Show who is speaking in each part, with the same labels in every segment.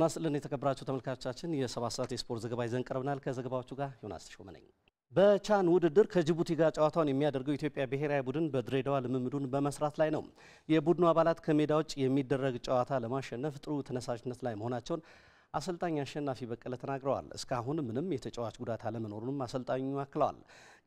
Speaker 1: ጤና ይስጥልን የተከበራችሁ ተመልካቾቻችን፣ የሰባት ሰዓት የስፖርት ዘገባ ይዘን ቀርበናል። ከዘገባዎቹ ጋር ዮናስ ተሾመ ነኝ። በቻን ውድድር ከጅቡቲ ጋር ጨዋታውን የሚያደርገው ኢትዮጵያ ብሔራዊ ቡድን በድሬዳዋ ልምምዱን በመስራት ላይ ነው። የቡድኑ አባላት ከሜዳ ውጭ የሚደረግ ጨዋታ ለማሸነፍ ጥሩ ተነሳሽነት ላይ መሆናቸውን አሰልጣኝ አሸናፊ በቀለ ተናግረዋል። እስካሁን ምንም የተጫዋች ጉዳት አለመኖሩንም አሰልጣኙ አክለዋል።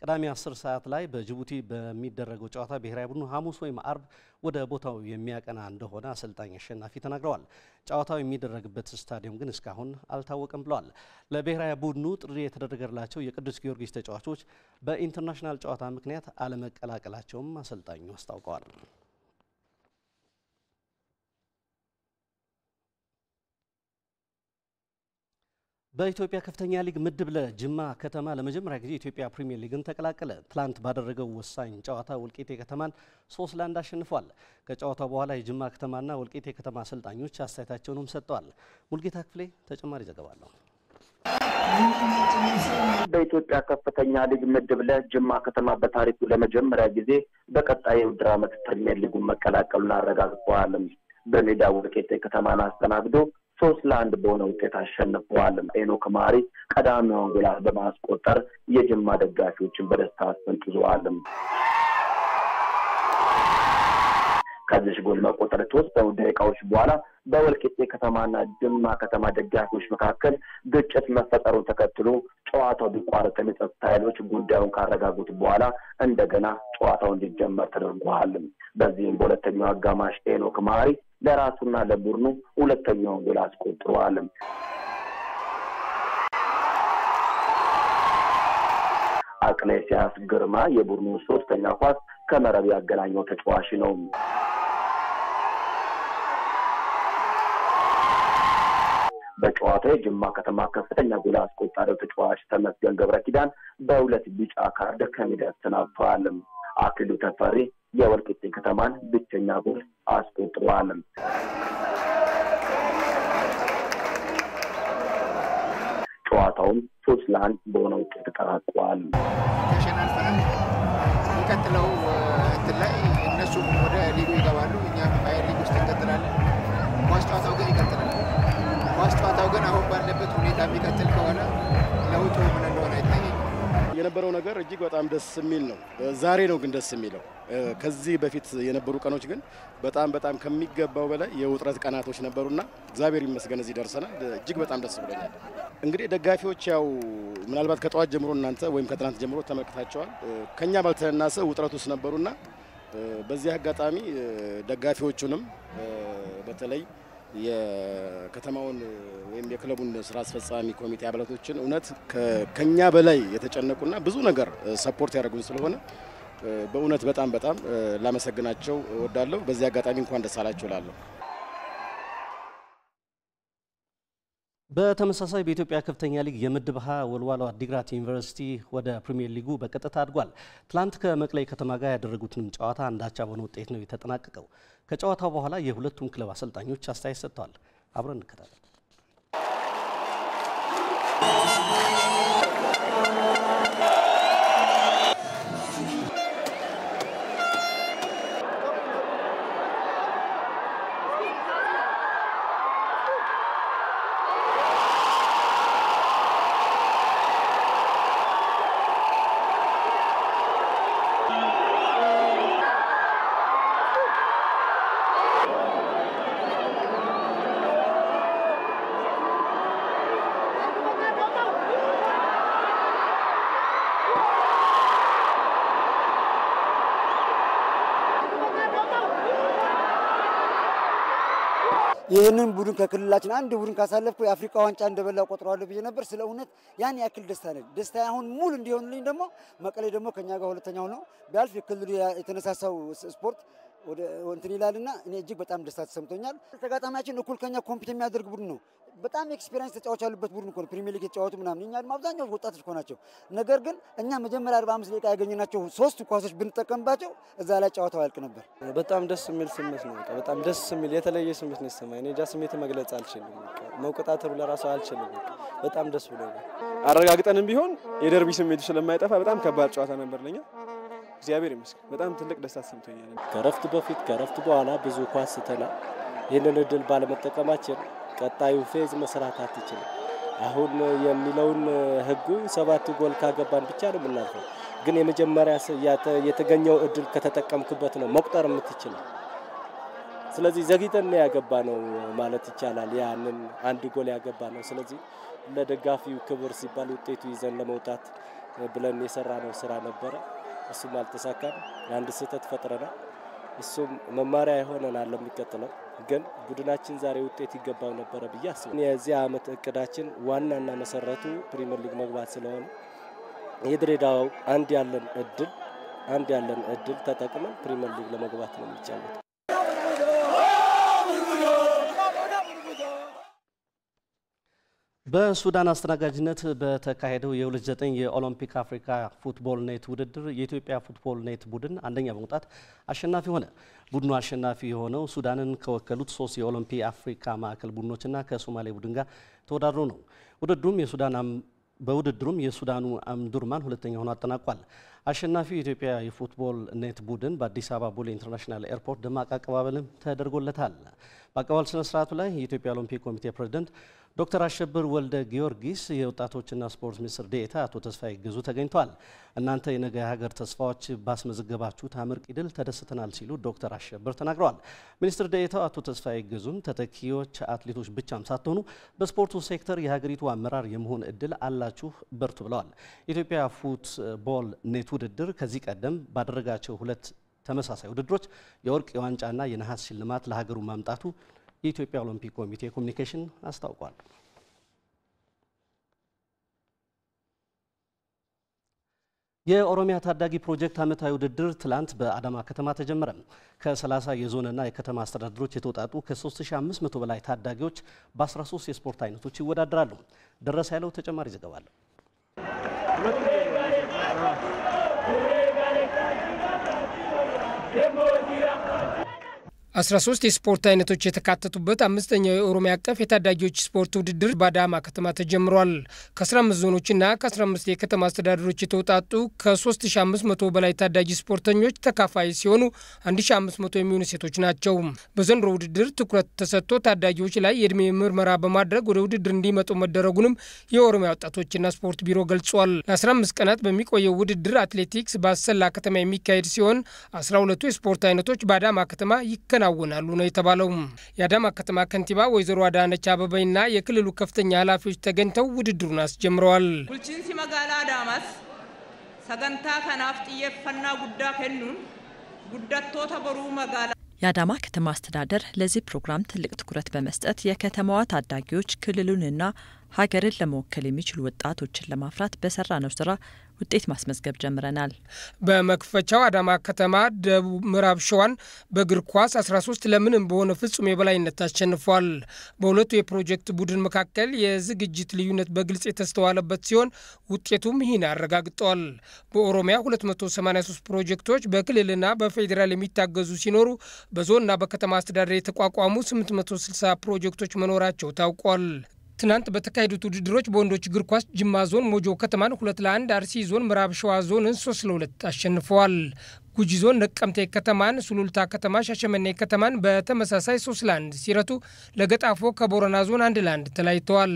Speaker 1: ቅዳሜ 10 ሰዓት ላይ በጅቡቲ በሚደረገው ጨዋታ ብሔራዊ ቡድኑ ሐሙስ ወይም አርብ ወደ ቦታው የሚያቀና እንደሆነ አሰልጣኝ አሸናፊ ተናግረዋል። ጨዋታው የሚደረግበት ስታዲየም ግን እስካሁን አልታወቀም ብለዋል። ለብሔራዊ ቡድኑ ጥሪ የተደረገላቸው የቅዱስ ጊዮርጊስ ተጫዋቾች በኢንተርናሽናል ጨዋታ ምክንያት አለመቀላቀላቸውም አሰልጣኙ አስታውቀዋል። በኢትዮጵያ ከፍተኛ ሊግ ምድብ ለጅማ ከተማ ለመጀመሪያ ጊዜ ኢትዮጵያ ፕሪሚየር ሊግን ተቀላቀለ። ትላንት ባደረገው ወሳኝ ጨዋታ ወልቂጤ ከተማን ሶስት ለአንድ አሸንፏል። ከጨዋታው በኋላ የጅማ ከተማና ወልቂጤ ከተማ አሰልጣኞች አስተያየታቸውንም ሰጥተዋል። ሙልጌታ ክፍሌ ተጨማሪ ዘገባ አለው።
Speaker 2: በኢትዮጵያ ከፍተኛ ሊግ ምድብ ለጅማ ከተማ በታሪኩ ለመጀመሪያ ጊዜ በቀጣይ የውድድር ዓመት ፕሪሚየር ሊጉን መቀላቀሉን አረጋግጠዋል። በሜዳ ወልቂጤ ከተማን አስተናግዶ ሶስት ለአንድ በሆነ ውጤት አሸንፈዋል። ኤኖክ ማሪ ቀዳሚውን ጎል በማስቆጠር የጅማ ደጋፊዎችን በደስታ አስፈንጥዘዋል። ከዚህ ጎል መቆጠር የተወሰኑ ደቂቃዎች በኋላ በወልቂጤ ከተማና ጅማ ከተማ ደጋፊዎች መካከል ግጭት መፈጠሩን ተከትሎ ጨዋታው ቢቋረጥም የጸጥታ ኃይሎች ጉዳዩን ካረጋጉት በኋላ እንደገና ጨዋታው እንዲጀመር ተደርጓል። በዚህም በሁለተኛው አጋማሽ ኤኖክ ማሪ ለራሱና ለቡድኑ ሁለተኛውን ጎል አስቆጥሯል። አቅሌሲያስ ግርማ የቡድኑ ሶስተኛ ኳስ ከመረብ ያገናኘው ተጫዋች ነው። በጨዋታ የጅማ ከተማ ከፍተኛ ጎል አስቆጣሪው ተጫዋች ተመስገን ገብረ ኪዳን በሁለት ቢጫ ካርድ ከሜዳ ተሰናብቷል። አክሊሉ ተፈሪ የወልቂጤ ከተማን ብቸኛ ጎል አስቆጥሯል። ጨዋታውም ሶስት ለአንድ በሆነ ውጤት
Speaker 3: ተጠናቋል። ተሸናንፈንም እንትን ላይ ወደ ሊጉ ይገባሉ፣ እኛም ሊግ ውስጥ እንቀጥላለን። ኳስ ጨዋታው ግን ይቀጥላል። ኳስ ጨዋታው ግን አሁን ባለበት ሁኔታ የሚቀጥል ከሆነ ለውጡ ምን
Speaker 1: የነበረው ነገር እጅግ በጣም ደስ የሚል ነው። ዛሬ ነው ግን ደስ የሚለው። ከዚህ በፊት የነበሩ ቀኖች ግን በጣም በጣም ከሚገባው በላይ የውጥረት ቀናቶች ነበሩና እግዚአብሔር ይመስገን እዚህ ደርሰናል። እጅግ በጣም ደስ ብሎኛል። እንግዲህ ደጋፊዎች ያው ምናልባት ከጠዋት ጀምሮ እናንተ ወይም ከትናንት ጀምሮ ተመልክታቸዋል። ከኛ ባልተናነሰ ውጥረት ውስጥ ነበሩና በዚህ አጋጣሚ ደጋፊዎቹንም በተለይ የከተማውን ወይም የክለቡን ስራ አስፈጻሚ ኮሚቴ አባላቶችን እውነት ከኛ በላይ የተጨነቁና ብዙ ነገር ሰፖርት ያደረጉን ስለሆነ በእውነት በጣም በጣም ላመሰግናቸው
Speaker 3: እወዳለሁ። በዚህ አጋጣሚ እንኳን ደስ አላችሁ እላለሁ።
Speaker 1: በተመሳሳይ በኢትዮጵያ ከፍተኛ ሊግ የምድብ ሀ ወልዋሎ አዲግራት ዩኒቨርሲቲ ወደ ፕሪምየር ሊጉ በቀጥታ አድጓል። ትላንት ከመቅለይ ከተማ ጋር ያደረጉትንም ጨዋታ አንዳቻ በሆነ ውጤት ነው የተጠናቀቀው። ከጨዋታው በኋላ የሁለቱም ክለብ አሰልጣኞች አስተያየት ሰጥተዋል። አብረን እንከታተል።
Speaker 3: ይህንን ቡድን ከክልላችን አንድ
Speaker 1: ቡድን ካሳለፍኩ የአፍሪካ ዋንጫ እንደበላ ቆጥረዋለሁ ብዬ ነበር። ስለ እውነት ያን ያክል ደስታ ነኝ። ደስታ አሁን ሙሉ እንዲሆንልኝ ደግሞ መቀሌ ደግሞ ከኛ ጋር ሁለተኛ ነው ቢያልፍ የክልሉ የተነሳሳው ስፖርት ወደ እንትን ይላልና እኔ እጅግ በጣም ደስታ ተሰምቶኛል። ተጋጣሚያችን እኩል ከኛ ኮምፒት የሚያደርግ ቡድን ነው። በጣም ኤክስፔሪንስ ተጫዋች ያሉበት ቡድን እኮ ነው። ፕሪሚየር ሊግ የተጫወቱ ምናምን እኛ ደግሞ አብዛኛው ወጣቶች እኮ ናቸው። ነገር ግን እኛ መጀመሪያ አርባ አምስት ደቂቃ ያገኘናቸው ሶስት ኳሶች ብንጠቀምባቸው እዛ ላይ ጨዋታው ያልቅ ነበር። በጣም ደስ የሚል ስሜት ነው። በጣም ደስ የሚል የተለየ ስሜት ነው የተሰማኝ። እኔ እንጃ ስሜት መግለጽ አልችልም። መቆጣጠሩ ለራሱ አልችልም። በጣም ደስ ብሎ አረጋግጠንም ቢሆን የደርቢ ስሜቱ ስለማይጠፋ በጣም ከባድ ጨዋታ ነበር ለኛ። እግዚአብሔር ይመስገን በጣም ትልቅ ደስታ ተሰምቶኛል። ከረፍት በፊት ከረፍት በኋላ ብዙ ኳስ ስተላ ይህንን እድል ባለመጠቀማችን ቀጣዩ ፌዝ መስራት አትችልም። አሁን የሚለውን ህጉ ሰባት ጎል ካገባን ብቻ ነው የምናልፈው። ግን የመጀመሪያ የተገኘው እድል ከተጠቀምክበት ነው መቁጠር የምትችለው። ስለዚህ ዘግይተን ያገባ ነው ማለት ይቻላል። ያንን አንድ ጎል ያገባ ነው። ስለዚህ ለደጋፊው ክብር ሲባል ውጤቱ ይዘን ለመውጣት ብለን የሰራ ነው ስራ ነበረ። እሱም አልተሳካም። አንድ ስህተት ፈጥረናል። እሱም መማሪያ የሆነናል ለሚቀጥለው። ግን ቡድናችን ዛሬ ውጤት ይገባው ነበረ ብዬ አስባለሁ። የዚህ አመት እቅዳችን ዋናና መሰረቱ ፕሪምየር ሊግ መግባት ስለሆነ የድሬዳዋው አንድ ያለን እድል አንድ ያለን እድል ተጠቅመን ፕሪምየር ሊግ ለመግባት ነው የሚጫወት በሱዳን አስተናጋጅነት በተካሄደው የ29 የኦሎምፒክ አፍሪካ ፉትቦል ኔት ውድድር የኢትዮጵያ ፉትቦል ኔት ቡድን አንደኛ በመውጣት አሸናፊ ሆነ። ቡድኑ አሸናፊ የሆነው ሱዳንን ከወከሉት ሶስት የኦሎምፒክ አፍሪካ ማዕከል ቡድኖችና ከሶማሌ ቡድን ጋር ተወዳድሮ ነው። ውድድሩም የሱዳን በውድድሩም የሱዳኑ አምዱርማን ሁለተኛ ሆኖ አጠናቋል። አሸናፊው የኢትዮጵያ የፉትቦል ኔት ቡድን በአዲስ አበባ ቦሌ ኢንተርናሽናል ኤርፖርት ደማቅ አቀባበልም ተደርጎለታል። በአቀባበል ስነ ስርዓቱ ላይ የኢትዮጵያ ኦሎምፒክ ኮሚቴ ፕሬዚደንት ዶክተር አሸብር ወልደ ጊዮርጊስ የወጣቶችና ስፖርት ሚኒስትር ዴኤታ አቶ ተስፋዬ ገዙ ተገኝተዋል። እናንተ የነገ የሀገር ተስፋዎች ባስመዘገባችሁት አመርቂ ድል ተደስተናል ሲሉ ዶክተር አሸብር ተናግረዋል። ሚኒስትር ዴኤታው አቶ ተስፋዬ ገዙም ተተኪዎች አትሌቶች ብቻም ሳትሆኑ በስፖርቱ ሴክተር የሀገሪቱ አመራር የመሆን እድል አላችሁ፣ በርቱ ብለዋል። ኢትዮጵያ ፉትቦል ኔት ውድድር ከዚህ ቀደም ባደረጋቸው ሁለት ተመሳሳይ ውድድሮች የወርቅ የዋንጫና የነሐስ ሽልማት ለሀገሩ ማምጣቱ የኢትዮጵያ ኦሎምፒክ ኮሚቴ ኮሚኒኬሽን አስታውቋል። የኦሮሚያ ታዳጊ ፕሮጀክት ዓመታዊ ውድድር ትላንት በአዳማ ከተማ ተጀመረ። ከ30 የዞንና የከተማ አስተዳደሮች የተውጣጡ ከ3500 በላይ ታዳጊዎች በ13 የስፖርት አይነቶች ይወዳደራሉ። ደረሰ ያለው ተጨማሪ ዘገባ አለው።
Speaker 3: 13 የስፖርት አይነቶች የተካተቱበት አምስተኛው የኦሮሚያ አቀፍ የታዳጊዎች ስፖርት ውድድር በአዳማ ከተማ ተጀምሯል። ከ15 ዞኖችና ከ15 የከተማ አስተዳደሮች የተውጣጡ ከ3500 በላይ ታዳጊ ስፖርተኞች ተካፋይ ሲሆኑ 1500 የሚሆኑ ሴቶች ናቸው። በዘንድሮ ውድድር ትኩረት ተሰጥቶ ታዳጊዎች ላይ የእድሜ ምርመራ በማድረግ ወደ ውድድር እንዲመጡ መደረጉንም የኦሮሚያ ወጣቶችና ስፖርት ቢሮ ገልጿል። ለ15 ቀናት በሚቆየው ውድድር አትሌቲክስ በአሰላ ከተማ የሚካሄድ ሲሆን 12ቱ የስፖርት አይነቶች በአዳማ ከተማ ይከናል ይከናወናሉ ነው የተባለው። የአዳማ ከተማ ከንቲባ ወይዘሮ አዳነች አበበይና የክልሉ ከፍተኛ ኃላፊዎች ተገኝተው ውድድሩን አስጀምረዋል። ቡልቺንሲ መጋላ አዳማስ ሰገንታ ከናፍ ጥየፈና ጉዳ ከኑን ጉዳቶ ተበሩ መጋላ
Speaker 2: የአዳማ ከተማ አስተዳደር ለዚህ ፕሮግራም ትልቅ ትኩረት በመስጠት የከተማዋ ታዳጊዎች
Speaker 3: ክልሉንና ሀገርን ለመወከል የሚችሉ ወጣቶችን ለማፍራት በሰራ ነው ስራ ውጤት ማስመዝገብ ጀምረናል። በመክፈቻው አዳማ ከተማ ደቡብ ምዕራብ ሸዋን በእግር ኳስ 13 ለምንም በሆነ ፍጹም የበላይነት ታሸንፏል። በሁለቱ የፕሮጀክት ቡድን መካከል የዝግጅት ልዩነት በግልጽ የተስተዋለበት ሲሆን ውጤቱም ይህን አረጋግጧል። በኦሮሚያ 283 ፕሮጀክቶች በክልልና በፌዴራል የሚታገዙ ሲኖሩ በዞንና በከተማ አስተዳደር የተቋቋሙ 860 ፕሮጀክቶች መኖራቸው ታውቋል። ትናንት በተካሄዱት ውድድሮች በወንዶች እግር ኳስ ጅማ ዞን ሞጆ ከተማን ሁለት ለአንድ፣ አርሲ ዞን ምዕራብ ሸዋ ዞንን ሶስት ለሁለት አሸንፈዋል። ጉጂ ዞን ነቀምቴ ከተማን፣ ሱሉልታ ከተማ ሻሸመኔ ከተማን በተመሳሳይ ሶስት ለአንድ ሲረቱ ለገጣፎ ከቦረና ዞን አንድ ለአንድ ተለያይተዋል።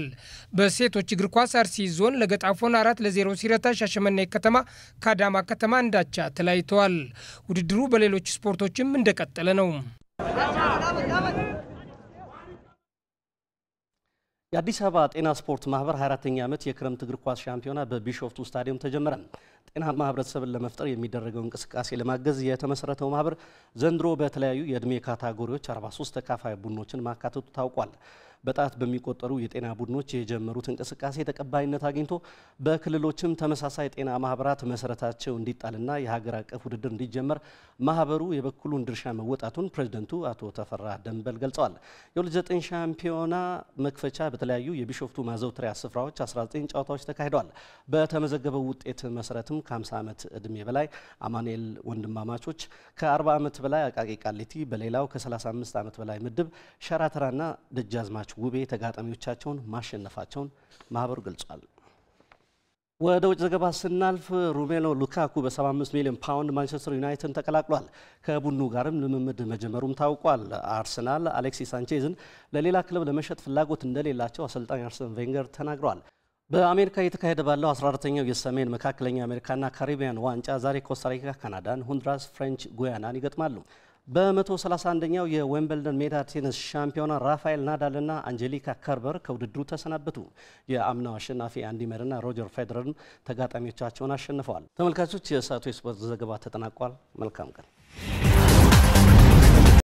Speaker 3: በሴቶች እግር ኳስ አርሲ ዞን ለገጣፎን አራት ለዜሮ ሲረታ ሻሸመኔ ከተማ ከአዳማ ከተማ እንዳቻ ተለያይተዋል። ውድድሩ በሌሎች ስፖርቶችም እንደቀጠለ ነው።
Speaker 1: የአዲስ አበባ ጤና ስፖርት ማህበር 24ኛ ዓመት የክረምት እግር ኳስ ሻምፒዮና በቢሾፍቱ ስታዲየም ተጀመረ። ጤናማ ህብረተሰብን ለመፍጠር የሚደረገው እንቅስቃሴ ለማገዝ የተመሰረተው ማህበር ዘንድሮ በተለያዩ የእድሜ ካታጎሪዎች 43 ተካፋይ ቡድኖችን ማካተቱ ታውቋል። በጣት በሚቆጠሩ የጤና ቡድኖች የጀመሩት እንቅስቃሴ ተቀባይነት አግኝቶ በክልሎችም ተመሳሳይ ጤና ማህበራት መሰረታቸው እንዲጣልና የሀገር አቀፍ ውድድር እንዲጀመር ማህበሩ የበኩሉን ድርሻ መወጣቱን ፕሬዚደንቱ አቶ ተፈራ ደንበል ገልጸዋል። የ29 ሻምፒዮና መክፈቻ በተለያዩ የቢሾፍቱ ማዘውተሪያ ስፍራዎች 19 ጨዋታዎች ተካሂደዋል። በተመዘገበው ውጤት መሰረትም ከ50 ዓመት ዕድሜ በላይ አማኑኤል ወንድማማቾች፣ ከ40 ዓመት በላይ አቃቂ ቃሊቲ፣ በሌላው ከ35 ዓመት በላይ ምድብ ሸራተራና ደጃዝማች ውቤ ተጋጣሚዎቻቸውን ማሸነፋቸውን ማህበሩ ገልጿል። ወደ ውጭ ዘገባ ስናልፍ ሩሜሎ ሉካኩ በ75 ሚሊዮን ፓውንድ ማንቸስተር ዩናይትድን ተቀላቅሏል። ከቡድኑ ጋርም ልምምድ መጀመሩም ታውቋል። አርሰናል አሌክሲስ ሳንቼዝን ለሌላ ክለብ ለመሸጥ ፍላጎት እንደሌላቸው አሰልጣኝ አርሰን ቬንገር ተናግረዋል። በአሜሪካ እየተካሄደ ባለው 14ተኛው የሰሜን መካከለኛ አሜሪካና ካሪቢያን ዋንጫ ዛሬ ኮስታሪካ ካናዳን፣ ሆንዱራስ ፍሬንች ጉያናን ይገጥማሉ። በ131ኛው የዌምበልደን ሜዳ ቴኒስ ሻምፒዮና ራፋኤል ናዳል ና አንጀሊካ ከርበር ከውድድሩ ተሰናበቱ። የአምናው አሸናፊ አንዲ መርና ሮጀር ፌዴረርም ተጋጣሚዎቻቸውን አሸንፈዋል። ተመልካቾች፣ የሰዓቱ የስፖርት ዘገባ ተጠናቋል። መልካም ቀን።